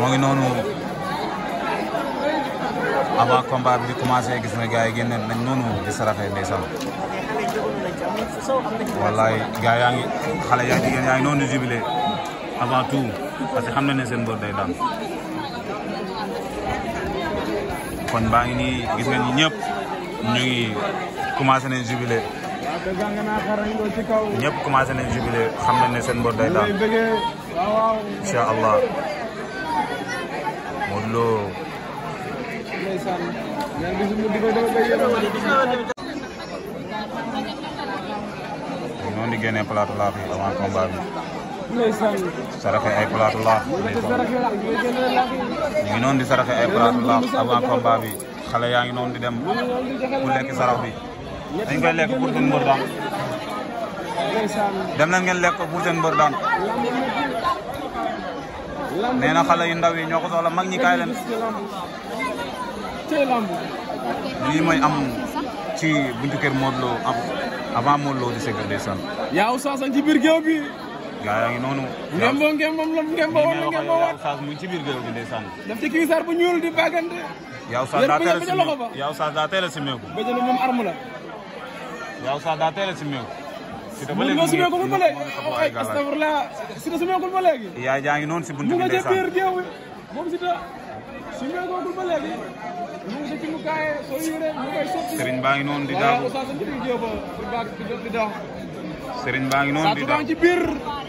moo ngi noonu avant combat bi di commencé gis na yi génne nañ noonu di saraxee ndeysaan. wallaay gars yaa ngi xale yaa jigéen yaa noonu jubilé avant tout parce que xam na ne seen mbër day daan. kon baa ngi nii gis nga ñi ñëpp ñu ngi commencé nañ jubilé. ñëpp commencé nañ jubilé xam nañ ne seen mbër day allah. Lo. noonu di génnee plateau laaf yi avant combat bi. saraxe ay plateau laaf. ñu ngi noonu ay plateau laaf avant combat bi xale yaa ngi noonu di dem ku lekk sarax bi dañ koy lekk pour seen mbër daan dem leen ngeen lekk pour seen mbër daan. nee na xale yu ndaw yi ñoo ko soxla mag ñi kaay leen lii mooy am ci buntu kër Modou Lo am avant Modou Lo di sëgg ndeysaan. yaa Oustaz ci biir bi. gaa yaa ngi noonu. ngembo ngembo ngembo woon na mu ci biir géew bi ndeysaan. daf ci bu ñuul di bàggante. yaa Oustaz daa teel a simmeeku yaa Oustaz yaa Oustaz daa teel mun nga sumeekul ba léegi ay astafurlah si ta sumeekul ba léegi yaay jaa ngi noonu si buntu bi ndeysaan mu nga jël biir géew moom si ta sumeekul ba léegi mu ngi ci mu kaay soo yore mu koy sotti sëriñ baa ngi noonu di daagu sëriñ baa ngi noonu di daagu ci biir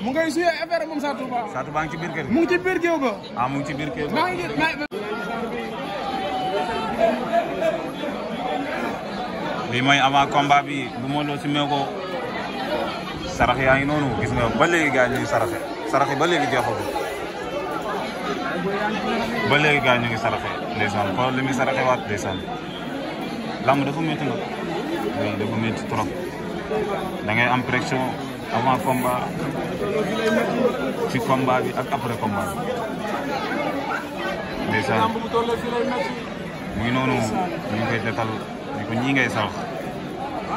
mu ngay suy affaire moom Sa Touba Sa Touba ngi ci biir géew mu ngi ci biir géew ba ah mu ngi ci biir géew ba lii mooy avant combat bi bu Modou Lo si mee ko sarax yaa ngi noonu gis nga ba léegi gaa ñu ngi saraxe saraxe ba léegi jeexagul ba léegi ñu ngi saraxe ndeysaan ko li muy saraxe waat ndeysaan lamb dafa métti nag oui dafa métti trop da ngay am pression avant combat ci combat bi ak après combat bi ndeysaan muy noonu ñu ngi koy detal ni ñii ngay sarax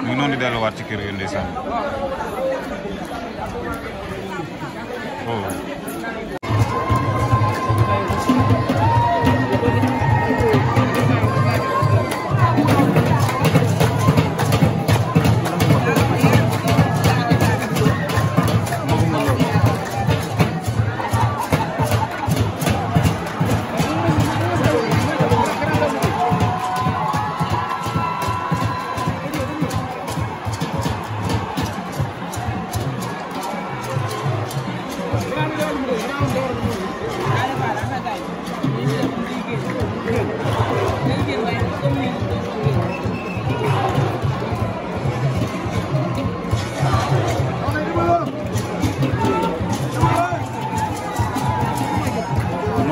mu ngi noonu di delluwaat ci kër gi ndeysaan oh.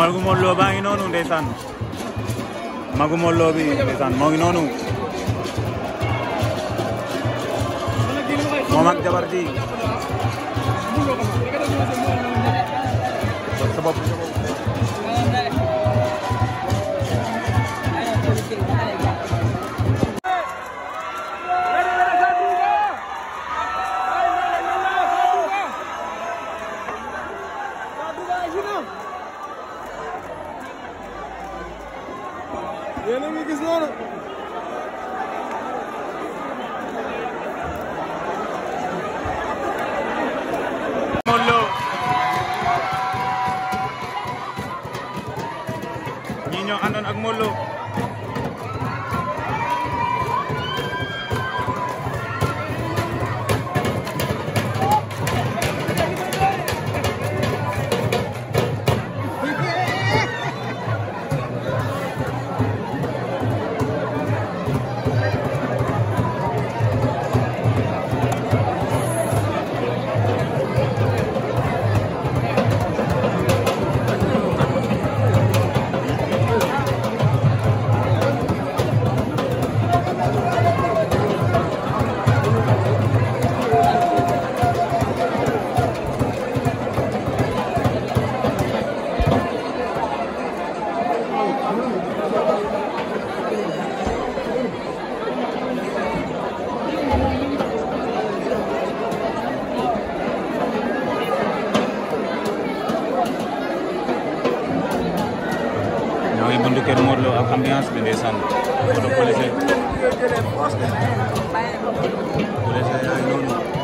magu Modou Lo baa ngi noonu ndeysaan magu Modou Lo bi ndeysaan moo ngi noonu moom ak jabar ji sa bopp yéen a ngi gis noonu. ñi ñoo àndoon ak Gaynde Kër Modou Lo ak ambiance bi ndeysaan oto police police yaa ngi noonu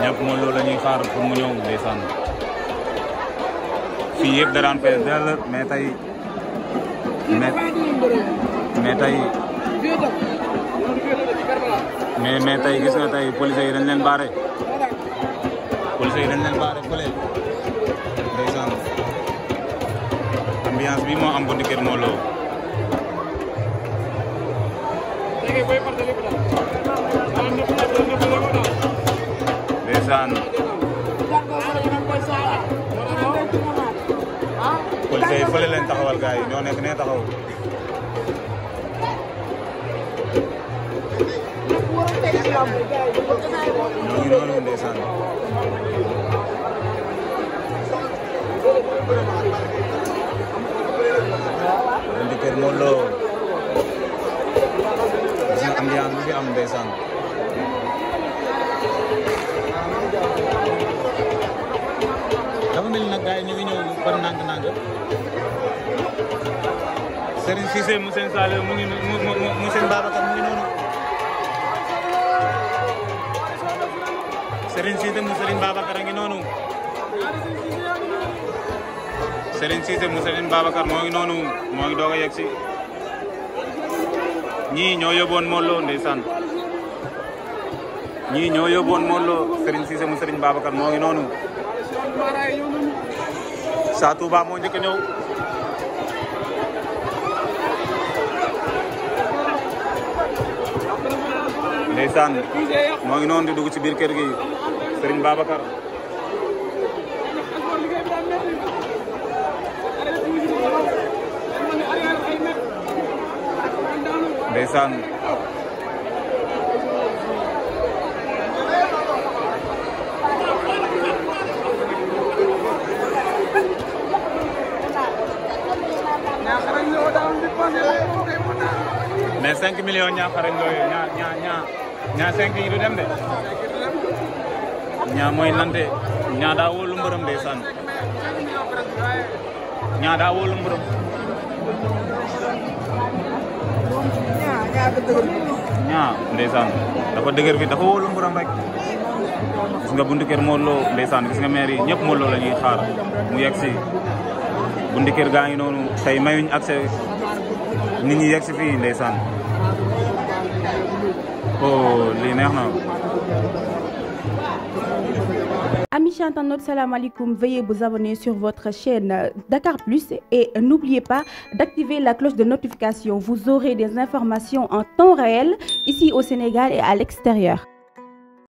ñëpp mooy loolu la ñuy xaar pour mu ñëw ndeysaan fii daraan fees dell mais tey mais tey mais mais tey gis nga tey police yi dañ leen baare police yi dañ leen baare bi moo am ko di ndeysaan police yi fële leen taxawal gars am am ndeysaan nañ nag gars yi ñu ngi ñëw ba ndànk mu seen Saliou mu seen Babacar mu ngi noonu Serigne mu Serigne Babacar a ngi mu Serigne Babacar moo ngi noonu moo ngi doog ñii ñoo yóbboon Molo ndeysaan ñii ñoo yóbboon Molo Serigne mu Serigne moo ngi noonu Sa Touba moo njëkk ñëw ndeysaan moo ngi noonu di dugg ci biir kër gi Serigne Babacar ndeysaan mais 5 millions ñaaxare ndooyo ña ña ña ña du dem de ñaa mooy lante ñaa daa wóolu mbërëm de ñaa daa wóolu mbërëm ñaa ndeysaan dafa dëgër fi dafa wóolu mburam rek gis nga buntu kër Modou Lo ndeysaan gis nga maire yi ñëpp Modou Lo la ñuy xaar mu yegg si gaa ngi noonu tey mayuñ accès nit ñi yegg si fii ndeysaan oh lii vous abonner sur votre chaîne Dakar Plus et n'oubliez pas d'activer la cloche de notification. Vous aurez des informations en temps réel ici au Sénégal et à l'extérieur.